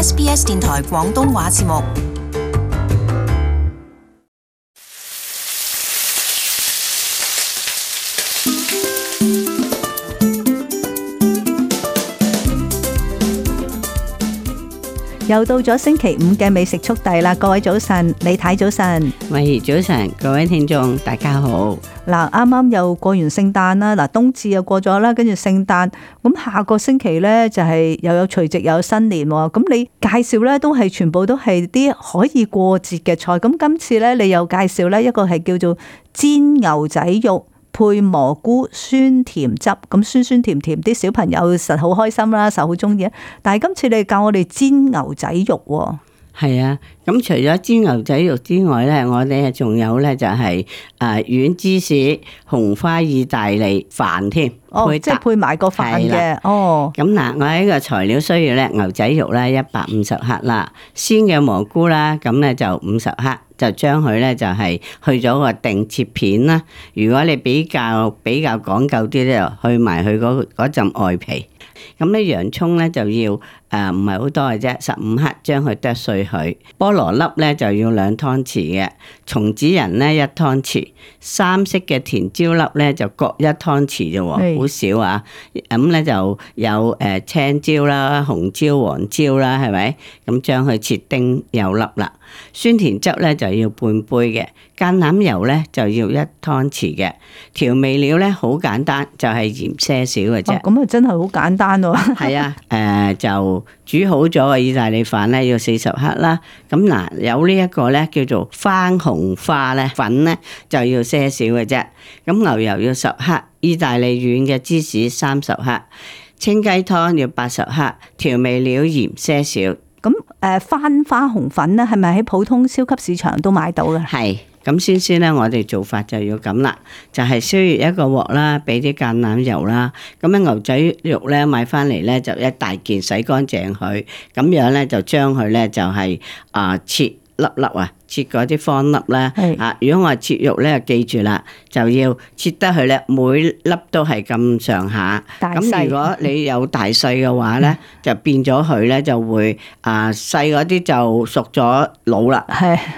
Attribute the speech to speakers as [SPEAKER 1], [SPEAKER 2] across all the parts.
[SPEAKER 1] SBS 電台廣東話節目。又到咗星期五嘅美食速遞啦！各位早晨，李太早晨，
[SPEAKER 2] 喂，早晨，各位聽眾大家好。
[SPEAKER 1] 嗱，啱啱又過完聖誕啦，嗱冬至又過咗啦，跟住聖誕，咁下個星期呢，就係又有除夕，又有新年喎。咁你介紹呢，都係全部都係啲可以過節嘅菜。咁今次呢，你又介紹呢一個係叫做煎牛仔肉。配蘑菇酸甜汁，咁酸酸甜甜，啲小朋友實好開心啦，實好中意啊！但係今次你教我哋煎牛仔肉喎，
[SPEAKER 2] 係啊！咁除咗煎牛仔肉之外咧，我哋仲有咧就係誒軟芝士紅花意大利飯添，哦，得即係
[SPEAKER 1] 配埋個飯嘅
[SPEAKER 2] 哦。咁嗱，我喺個材料需要咧，牛仔肉咧一百五十克啦，鮮嘅蘑菇啦，咁咧就五十克。就將佢咧，就係去咗個定切片啦。如果你比較比較講究啲咧，就去埋佢嗰嗰陣外皮。咁咧，洋葱咧就要，誒，唔係好多嘅啫，十五克將佢剁碎佢，菠蘿粒咧就要兩湯匙嘅，松子仁咧一湯匙，三色嘅甜椒粒咧就各一湯匙啫，好是少啊。咁咧就有誒、呃、青椒啦、紅椒、黃椒啦，係咪？咁將佢切丁又粒啦，酸甜汁咧就要半杯嘅，橄欖油咧就要一湯匙嘅，調味料咧好簡單，就係鹽些少嘅啫。哦，咁啊真係好簡單喎。係啊，誒就。煮好咗嘅意大利飯咧，要四十克啦。咁嗱，有呢一個咧叫做番紅花粉咧，就要些少嘅啫。咁牛油要十克，意大利軟嘅芝士三十克，清雞湯要八十克，調味料鹽些少。
[SPEAKER 1] 咁誒，番花紅粉咧，係咪喺普通超級市場都買到嘅？係。
[SPEAKER 2] 咁先先咧，我哋做法就要咁、就是、啦，就係燒熱一個鑊啦，俾啲橄欖油啦，咁樣牛仔肉咧買返嚟咧就一大件洗乾淨，洗乾淨佢，咁樣呢，就將佢咧就係、是呃、切粒粒啊。切嗰啲方粒咧，啊！如果我切肉咧，記住啦，就要切得佢咧，每粒都係咁上下。咁如果你有大細嘅話咧，就變咗佢咧，就會啊細嗰啲就熟咗老啦，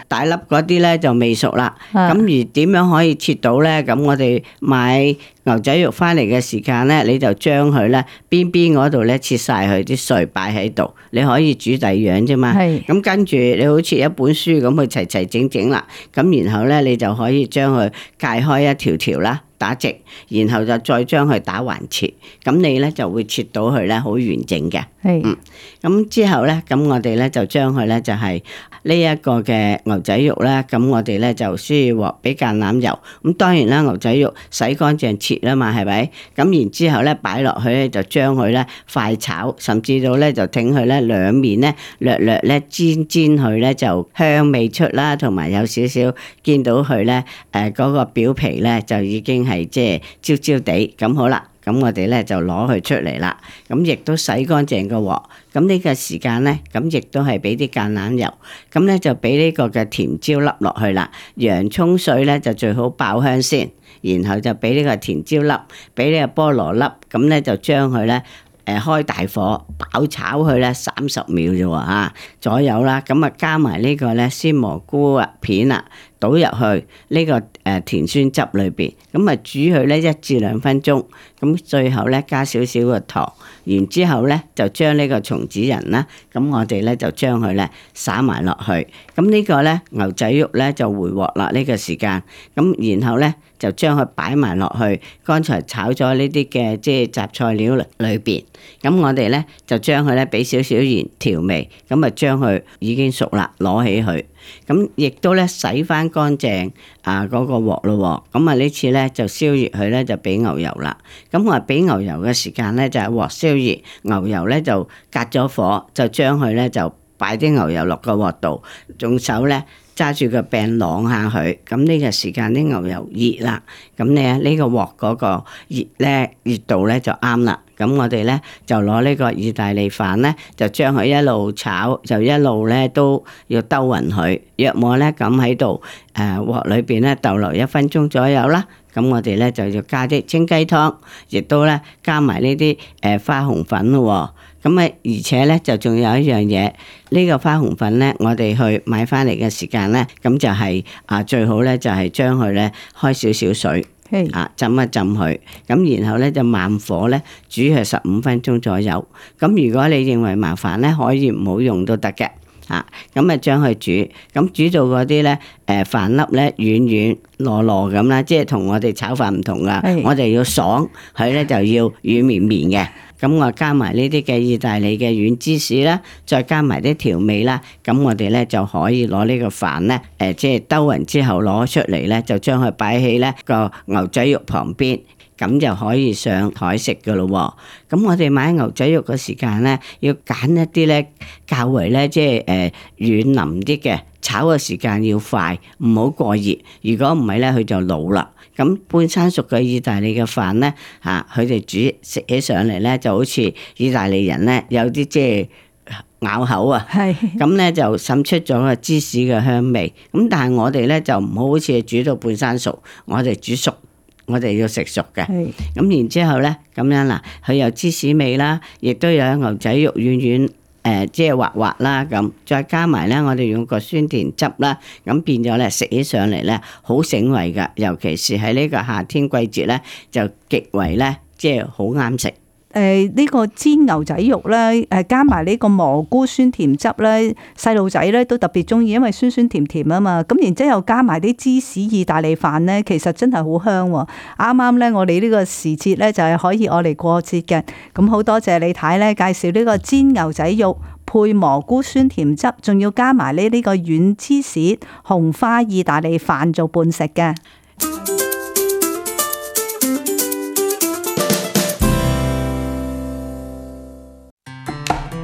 [SPEAKER 2] 大粒嗰啲咧就未熟啦。咁而點樣可以切到咧？咁我哋買牛仔肉翻嚟嘅時間咧，你就將佢咧邊邊嗰度咧切曬佢啲碎，擺喺度，你可以煮第二樣啫嘛。咁跟住你好似一本書咁去切。齊齊整整啦，咁然後咧，你就可以將佢界開一條條啦。打直，然後就再將佢打橫切，咁你咧就會切到佢咧好完整嘅。係，嗯，咁之後咧，咁我哋咧就將佢咧就係呢一個嘅牛仔肉啦，咁我哋咧就需要鑊俾橄欖油。咁當然啦，牛仔肉洗乾淨切啊嘛，係咪？咁然之後咧擺落去咧就將佢咧快炒，甚至到咧就整佢咧兩面咧略略咧煎煎佢咧就香味出啦，同埋有少少見到佢咧誒嗰個表皮咧就已經係。係即係焦焦地咁好啦，咁我哋咧就攞佢出嚟啦，咁亦都洗乾淨個鑊，咁呢個時間咧，咁亦都係俾啲橄欖油，咁咧就俾呢個嘅甜椒粒落去啦，洋蔥碎咧就最好爆香先，然後就俾呢個甜椒粒，俾呢個菠蘿粒，咁咧就將佢咧誒開大火爆炒佢咧三十秒啫喎嚇左右啦，咁啊加埋呢個咧鮮蘑菇片啦。倒入去呢個誒甜酸汁裏邊，咁啊煮佢呢一至兩分鐘，咁最後呢，加少少個糖，然之後呢，就將呢個松子仁啦，咁我哋呢，就將佢呢灑埋落去，咁呢個呢，牛仔肉呢，就回鑊啦呢個時間，咁然後呢，就將佢擺埋落去，剛才炒咗呢啲嘅即係雜菜料裏邊，咁我哋呢，就將佢呢，俾少少鹽調味，咁啊將佢已經熟啦攞起佢。咁亦都咧洗翻乾淨啊，嗰個鑊咯，咁啊呢次咧就燒熱佢咧就俾牛油啦。咁我俾牛油嘅時間咧就係鑊燒熱，牛油咧就隔咗火，就將佢咧就擺啲牛油落個鑊度，用手咧。揸住個柄朗下佢，咁、這、呢個時間啲牛油熱啦，咁咧呢個鑊嗰個熱咧熱度咧就啱啦，咁我哋咧就攞呢個意大利飯咧，就將佢一路炒，就一路咧都要兜勻佢，若冇咧咁喺度，誒鑊裏邊咧逗留一分鐘左右啦。咁我哋咧就要加啲清雞湯，亦都咧加埋呢啲誒花紅粉咯。咁啊，而且咧就仲有一樣嘢，呢個花紅粉咧，我哋去買翻嚟嘅時間咧，咁就係啊最好咧就係將佢咧開少少水，啊 Hey. 浸一浸佢，咁然後咧就慢火咧煮佢十五分鐘左右。咁如果你認為麻煩咧，可以唔好用都得嘅。啊，咁咪、嗯、將佢煮，咁、嗯、煮到嗰啲咧，誒、呃、飯粒咧軟軟糯糯咁啦，即係同我哋炒飯唔同噶，的我哋要爽，佢咧就要軟綿綿嘅。咁、嗯、我加埋呢啲嘅意大利嘅軟芝士啦，再加埋啲調味啦，咁、嗯、我哋咧就可以攞呢個飯咧，誒、呃、即係兜勻之後攞出嚟咧，就將佢擺喺呢個牛仔肉旁邊。咁就可以上台食㗎咯喎！咁我哋買牛仔肉嘅時間咧，要揀一啲咧較為咧即係誒、呃、軟腍啲嘅，炒嘅時間要快，唔好過熱。如果唔係咧，佢就老啦。咁半生熟嘅意大利嘅飯咧，嚇佢哋煮食起上嚟咧，就好似意大利人咧有啲即係咬口啊。係咁咧就滲出咗個芝士嘅香味。咁但係我哋咧就唔好好似煮到半生熟，我哋煮熟。我哋要食熟嘅，咁是然之後呢，咁樣啦，佢有芝士味啦，亦都有牛仔肉軟軟，誒，即係滑滑啦，咁再加埋呢，我哋用個酸甜汁啦，咁變咗呢，食起上嚟呢，好醒胃㗎，尤其是喺呢個夏天季節呢，就極為呢，即係好啱食。
[SPEAKER 1] 誒，呢個煎牛仔肉咧，誒加埋呢個蘑菇酸甜汁咧，細路仔咧都特別中意，因為酸酸甜甜啊嘛。咁然之後加埋啲芝士意大利飯咧，其實真係好香。啱啱咧，我哋呢個時節咧就係可以我嚟過節嘅。咁好多謝李太咧介紹呢個煎牛仔肉配蘑菇酸甜汁，仲要加埋呢呢個軟芝士紅花意大利飯做伴食嘅。